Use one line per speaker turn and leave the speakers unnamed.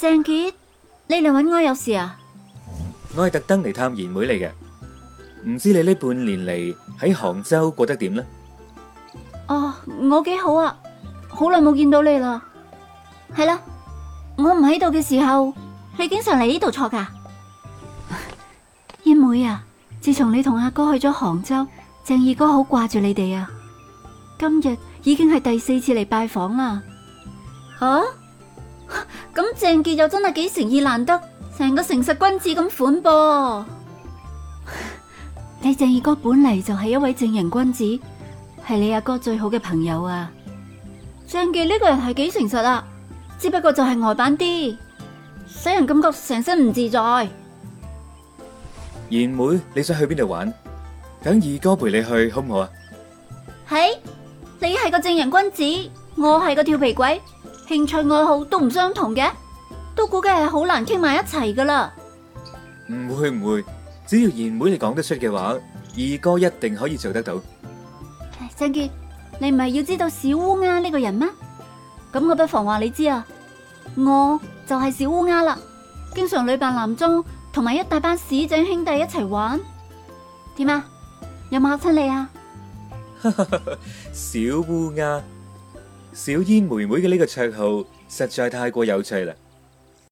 鄭杰，你嚟揾我有事啊？
我係特登嚟探燕妹嚟嘅，唔知你呢半年嚟喺杭州過得點呢？
哦，我幾好啊，好耐冇見到你啦。係啦、啊，我唔喺度嘅時候，你經常嚟呢度坐噶。燕 妹啊，自從你同阿哥，哥去咗杭州，鄭二哥好掛住你哋啊。今日已經係第四次嚟拜訪啦。吓、啊？咁鄭杰又真係幾誠意難得，成個誠實君子咁款噃。你鄭二哥本嚟,就係一位正人君子，係你阿哥最好嘅朋友啊。鄭杰呢個人係幾誠實啊，只不過就係呆板啲，使人感覺成身唔自在。
賢妹，你想去邊度玩？等二哥陪你去好唔好
啊？係。你係個正人君子，我係個調皮鬼。興趣愛好都唔相同嘅，都估計係好難傾埋一齊噶啦。
唔會唔會，只要賢妹你講得出嘅話，二哥一定可以做得到。
鄭杰，你唔係要知道小烏鴉呢個人咩？咁我不妨話你知啊，我就係小烏鴉啦，經常女扮男裝，同埋一大班市井兄弟一齊玩。點啊？有冇嚇親你啊？
小烏鴉。小煙妹妹嘅呢個綽號實在太過有趣啦！